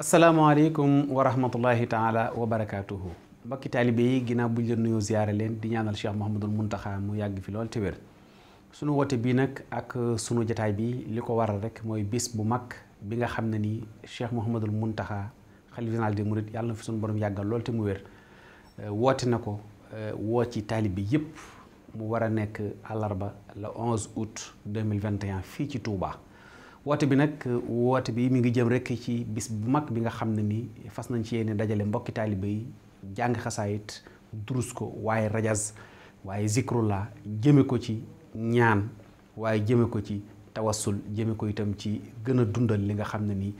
asalaamaaleykum wa rahmatullahi taala wa barakaatuhu mbokki taalibe yi ginaaw bu ñu leen nuyoo ziyaare leen di ñaanal Cheikh Mouhamadul Muntaxa mu yàgg fi lool te wér sunu woote bii nag ak sunu jataay bi li ko waral rek mooy bis bu mag bi nga xam ne ni Cheikh Mouhamadul Muntaxa xalif général des mourides yàlla na fi sunu borom yàggal lool te mu wér euh, woote na ko euh, woo ci taalibe yépp mu war a nekk àllarba la 11 août 2021 fii ci tuubaa woote bi nag woote bi mi ngi jëm rek ci bis bu mag bi nga xam ne ni fas nañ ci yéene dajale mbokki taalibe yi jàng xasaayit durus ko waaye rajas waaye zikrullah jëme ko ci ñaan waaye jëme ko ci tawassul jëme ko itam ci gën a dundal li nga xam ne nii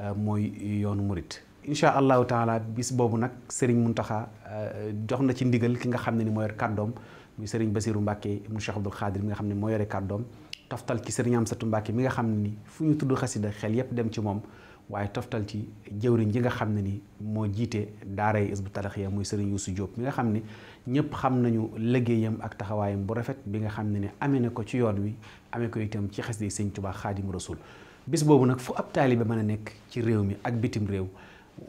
euh, mooy yoonu murit incha allahu taala bis boobu nag Serigne Mountakha euh, jox na ci ndigal ki nga xam ne ni mooy yor kàddoom muy Serigne Bassirou Mbacké mu Cheikh Abdoul Khadir nga xam ne moo yore kàddoom toftal ci sëriñ Amsatu Mbàkke mi nga xam ne ni fu ñu tudd xasida xel yépp dem ci moom waaye toftal ci jëwriñ ji nga xam ne ni moo jiite daara yi Hizbut Tarqiyyah muy sëriñ Youssou mi nga xam ne ñëpp xam nañu liggéeyam ak taxawaayam bu rafet bi nga xam ne ne amee na ko ci yoon wi amee ko itam ci xasida yi sëñ Tuubaa Xaadimu Rasuul bis boobu nag fu ab taalibe mën a nekk ci réew mi ak bitim réew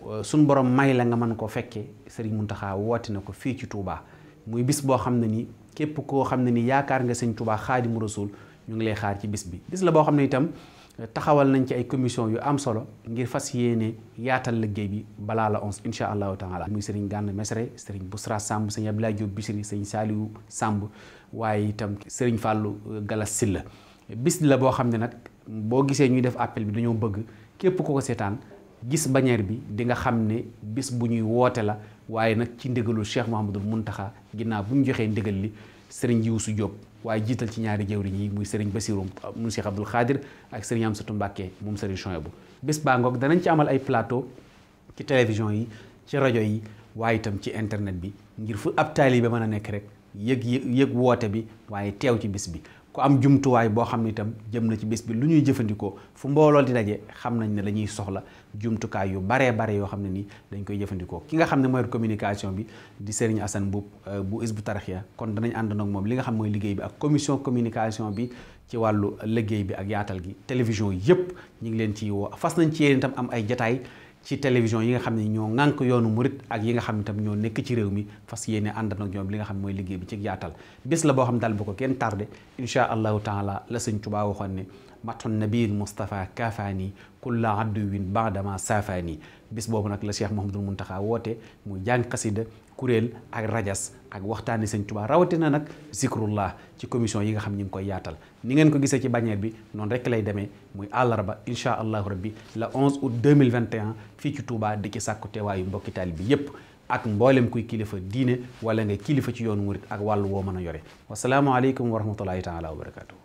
euh, suñ borom may la nga mën koo fekkee sëriñ Muntaxa woote na ko fii ci Touba muy bis boo xam ne ni képp koo xam ne ni yaakaar nga sëñ Tuubaa Xaadimu Rasuul ñu ngi lay xaar ci bis bi bis la boo xam ne itam euh, taxawal nañ ci ay commission yu am solo ngir fas yéene yaatal liggéey bi balaa la onze incha allahu taala muy sëriñ Gana Mesere sëriñ Bousra Samb sëriñ Abdoulaye Diop Bichri sëriñ Saliou sàmb waaye itam sëriñ fàllu euh, Galas Silla bis la boo xam ne nag boo gisee ñuy def appel bi dañoo bëgg képp ko ko seetaan gis bannière bi di nga xam ne bis bu ñuy woote la waaye nag ci ndigalul Cheikh Mouhamadul m ginnaaw bu ñu joxee ndigal li sëriñ su Diop waaye jiital ci ñaari jëwriñ yi muy sëriñ Bassirou ah, mu Cheikh Abdoul Khadir ak sëriñ Amsatou Mbacké moom sëriñ Chouaïbou bés baa ngoog danañ ci amal ay plateau ci télévision yi ci rajo yi waaye itam ci internet bi ngir fu yi ba mën a nekk rek yëg yëg woote bi waaye teew ci bis bi ku am jumtuwaay boo xam ne itam jëm na ci bés bi lu ñuy jëfandikoo fu mbooloo di daje xam nañ ne dañuy soxla jumtukaay yu baree bare yoo xam ne nii dañ koy jëfandikoo ki nga xam ne mooy communication bi di Serigne Assane Mboup euh, bu Hizbut Tarqiyyah kon danañ ànd nag moom li nga xam mooy liggéey bi ak commission communication bi ci wàllu liggéey bi ak yaatal gi télévision yépp ñu ngi leen ci woo fas nañ ci yeen itam am ay jataay ci télévision yi nga xam ne ñoo ŋànk yoonu murit ak yi nga xam ne tam ñoo nekk ci réew mi fas yéene ànd ak ñoom li nga xam ne mooy liggéey bi ci yaatal bés la boo xam daal bu ko kenn tardé incha allahu taala la sëñ Tuubaa waxoon ne matun nabiil Mustafa Kafaani la kulla adduwin baadama saafaani bis boobu nag la Cheikh Mouhamadul taxaa woote mu jàng xasida kuréel ak rajas ak waxtaani sëñ Tuubaa rawatina nag zikrullah ci commission yi nga xam ñi ngi koy yaatal ni ngeen ko gisee ci bannière bi noonu rek lay demee muy àllarba incha allahu rabbi le 11 août 2021 fii ci Touba di ci sàkku teewaayu mbokki taalibe bi yépp ak mboolem kuy kilifa diine wala nga kilifa ci yoonu murit ak wàllu woo mën a yore wasalaamualeykum wa rahmatullahi taala wa barakatuh